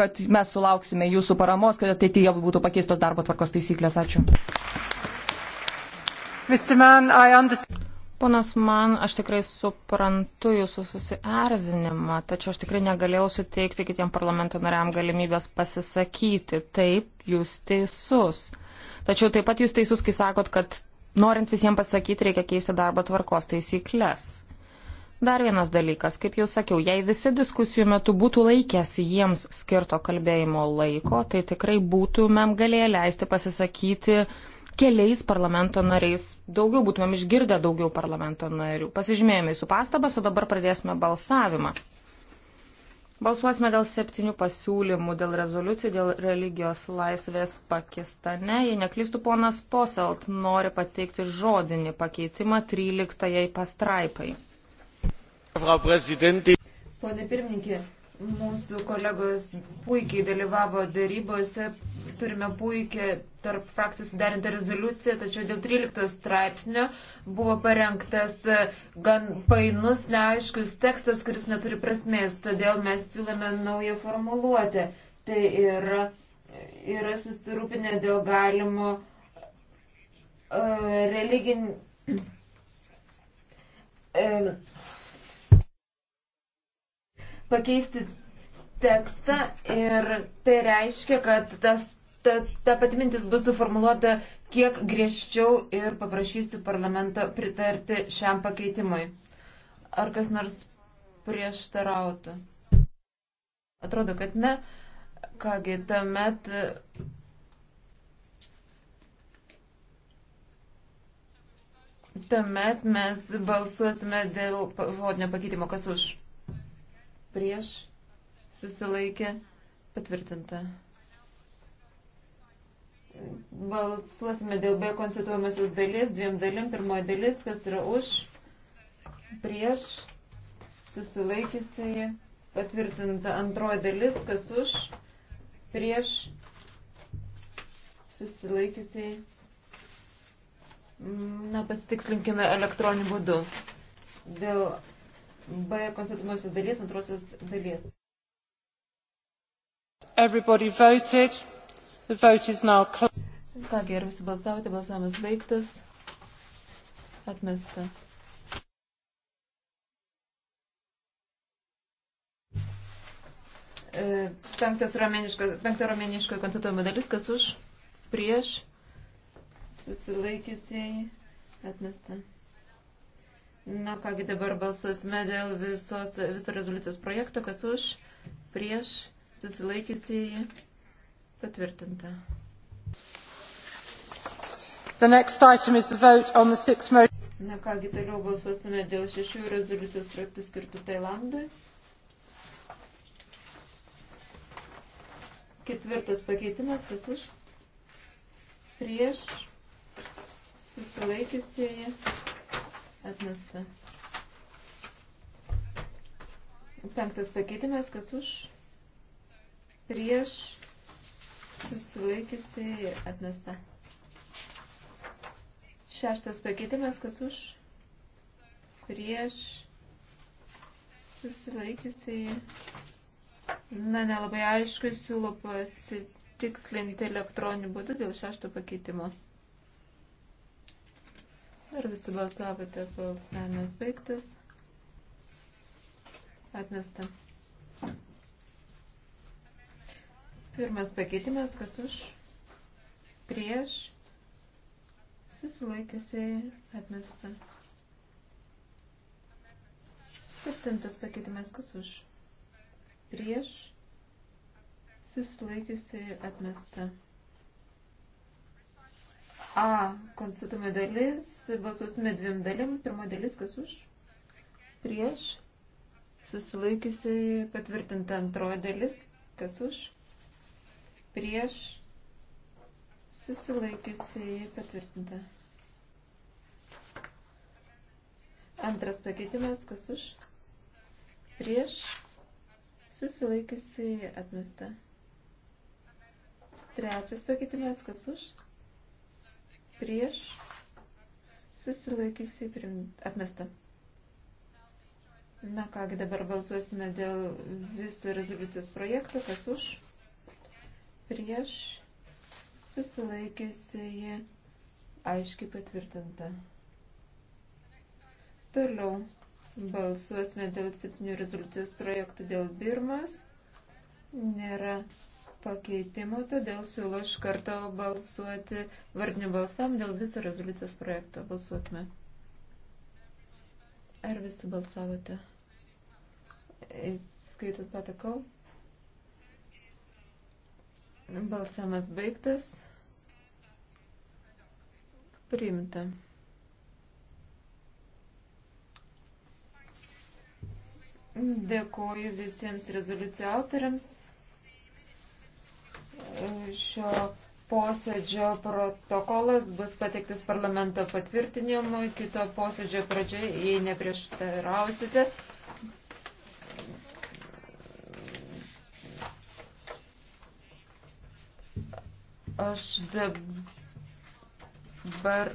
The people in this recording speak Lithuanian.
kad mes sulauksime jūsų paramos, kad ateityje būtų pakeistos darbo tvarkos taisyklės. Ačiū. Mann, Ponas man, aš tikrai suprantu jūsų susierzinimą, tačiau aš tikrai negalėjau suteikti kitiem parlamento nariam galimybės pasisakyti. Taip, jūs teisus. Tačiau taip pat jūs teisus, kai sakot, kad norint visiems pasakyti, reikia keisti darbo tvarkos taisyklės. Dar vienas dalykas, kaip jau sakiau, jei visi diskusijų metu būtų laikęsi jiems skirto kalbėjimo laiko, tai tikrai būtumėm galėję leisti pasisakyti keliais parlamento nariais, daugiau būtumėm išgirdę daugiau parlamento narių. Pasižymėjome jūsų pastabas, o dabar pradėsime balsavimą. Balsuosime dėl septynių pasiūlymų, dėl rezoliucijų, dėl religijos laisvės Pakistane. Jei neklystų, ponas Poselt nori pateikti žodinį pakeitimą 13 pastraipai. Pone pirmininkė, mūsų kolegos puikiai dalyvavo darybose, turime puikią tarp frakcijų sudarintą rezoliuciją, tačiau dėl 13 straipsnio buvo parengtas e, gan painus, neaiškus tekstas, kuris neturi prasmės, todėl mes siūlome naują formuluotę. Tai yra, yra susirūpinę dėl galimo uh, e, religinio pakeisti tekstą ir tai reiškia, kad tas, ta, ta pati mintis bus suformuoluota kiek griežčiau ir paprašysiu parlamento pritarti šiam pakeitimui. Ar kas nors prieštarautų? Atrodo, kad ne. Kągi, tuomet. Tuomet mes balsuosime dėl žodinio pakeitimo, kas už prieš, susilaikė, patvirtinta. Balsuosime dėl B konstituojamosios dalies, dviem dalim, pirmoji dalis, kas yra už, prieš, susilaikiusiai, patvirtinta antroji dalis, kas už, prieš, susilaikiusiai. Na, pasitikslinkime elektroniniu būdu. Dėl B konstatuojamosios dalies, antrosios dalies. Everybody voted. The vote is now closed. Kągi, ar visi balsavote, balsavimas baigtas. Atmesta. E, penktas romeniška, penktą romenišką konstatuojamą dalis, kas už, prieš, susilaikiusiai, atmesta. Na kągi dabar balsuosime dėl visos, viso rezoliucijos projekto, kas už, prieš, susilaikysi patvirtinta. The next item is the vote on the six Na kągi toliau balsuosime dėl šešių rezoliucijos projektų skirtų Tailandui. Ketvirtas pakeitimas, kas už, prieš, susilaikysieji atmesta. Penktas pakeitimas, kas už, prieš, susilaikiusi, atmesta. Šeštas pakeitimas, kas už, prieš, susilaikiusi, na, nelabai aišku, siūlo pasitikslinti elektroniniu būdu dėl šešto pakeitimo. Ar visi balsavote, balsavimas baigtas? Atmesta. Pirmas pakeitimas, kas už, prieš, susilaikiusiai, atmesta. Septintas pakeitimas, kas už, prieš, susilaikiusiai, atmesta. A konstatuojama dalis, balsuosime dviem dalim. Pirma dalis, kas už, prieš, susilaikiusi patvirtinta antroji dalis, kas už, prieš, susilaikiusi patvirtinta. Antras pakeitimas, kas už, prieš, susilaikiusi atmesta. Trečias pakeitimas, kas už, prieš prieš, susilaikysiai atmesta. Na kągi, dabar balsuosime dėl viso rezoliucijos projekto, kas už, prieš, susilaikysiai aiškiai patvirtinta. Toliau balsuosime dėl septynių rezoliucijos projektų dėl Birmas. Nėra pakeitimų, todėl siūlau iš karto balsuoti vardiniu balsam dėl viso rezoliucijos projekto. Balsuotume. Ar visi balsavote? Skaitot patakau. Balsamas baigtas. Priimta. Dėkoju visiems rezoliucijų autoriams šio posėdžio protokolas bus pateiktas parlamento patvirtinimui kito posėdžio pradžioje, jei neprieštarausite. Aš dabar